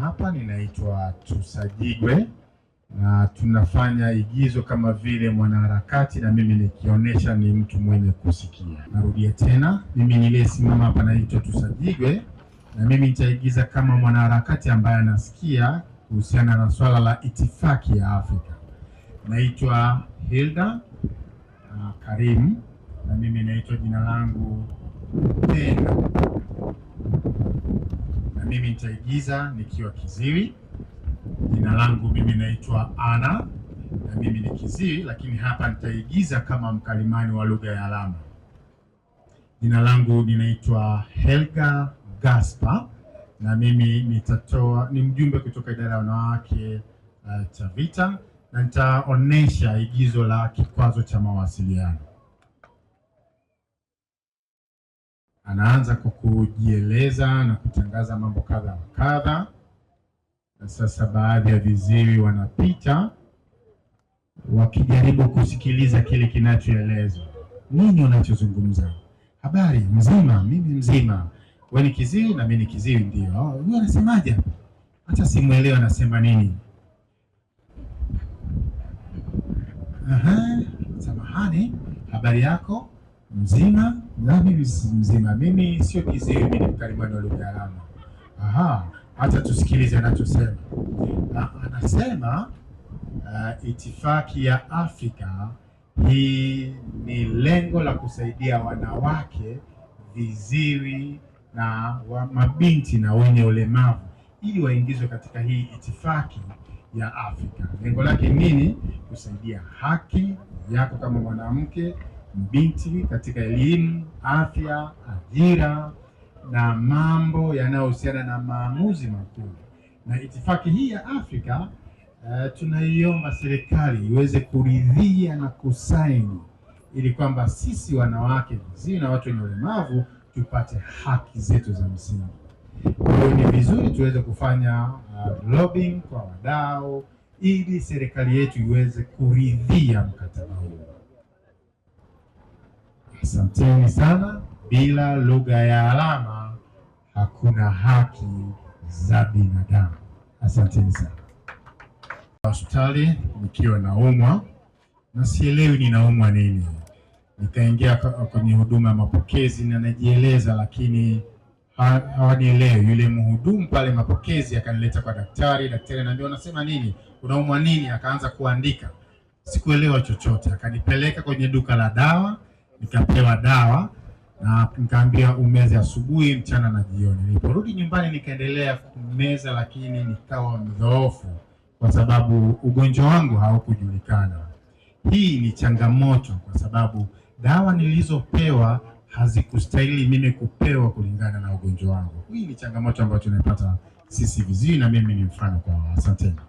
hapa, ninaitwa Tusajigwe na tunafanya igizo kama vile mwanaharakati, na mimi nikionyesha ni mtu mwenye kusikia. Narudia tena, mimi niliyesimama hapa naitwa Tusajigwe na mimi nitaigiza kama mwanaharakati ambaye anasikia kuhusiana na swala la itifaki ya Afrika. Naitwa Hilda uh, Karim na mimi naitwa jina langu tena mimi nitaigiza nikiwa kiziwi. Jina langu mimi naitwa Ana na mimi ni kiziwi, lakini hapa nitaigiza kama mkalimani wa lugha ya alama. Jina langu ninaitwa Helga Gaspar na mimi nitatoa ni mjumbe kutoka idara ya wanawake uh, vita na nitaonesha igizo la kikwazo cha mawasiliano. anaanza kwa kujieleza na kutangaza mambo kadha wa kadha, na sasa baadhi ya viziwi wanapita wakijaribu kusikiliza kile kinachoelezwa. Nini unachozungumza? Habari, mzima? Mimi mzima. Wewe ni kiziwi na mimi ni kiziwi, ndio. Oh, unasemaje hapa? Hata simuelewi anasema nini. Aha, samahani, habari yako? mzima na mimi si mzima, mimi sio kiziwi, mimi ni mkalimani wa lugha alama. Aha, hata tusikilize anachosema. Na anasema uh, itifaki ya Afrika hii ni lengo la kusaidia wanawake viziwi na wa mabinti na wenye ulemavu ili waingizwe katika hii itifaki ya Afrika. Lengo lake nini? Kusaidia haki yako kama mwanamke binti katika elimu, afya, ajira na mambo yanayohusiana na maamuzi makuu. Na itifaki hii ya Afrika uh, tunaiomba serikali iweze kuridhia na kusaini ili kwamba sisi wanawake, viziwi na watu wenye ulemavu tupate haki zetu za msingi. Kwa hiyo ni vizuri tuweze kufanya uh, lobbying kwa wadau ili serikali yetu iweze kuridhia mkataba. Asanteni sana. Bila lugha ya alama hakuna haki za binadamu. Asanteni sana. Hospitali nikiwa naumwa na sielewi ninaumwa nini, nikaingia kwenye huduma ya mapokezi na najieleza, lakini hawanielewi. Yule mhudumu pale mapokezi akanileta kwa daktari. Daktari ananiambia unasema nini, unaumwa nini? Akaanza kuandika, sikuelewa chochote. Akanipeleka kwenye duka la dawa nikapewa dawa na nikaambia umeze asubuhi, mchana na jioni. Niliporudi nyumbani nikaendelea kumeza, lakini nikawa mdhoofu kwa sababu ugonjwa wangu haukujulikana. Hii ni changamoto kwa sababu dawa nilizopewa hazikustahili mimi kupewa kulingana na ugonjwa wangu. Hii ni changamoto ambayo tunaipata sisi viziwi na mimi ni mfano kwa. Asanteni.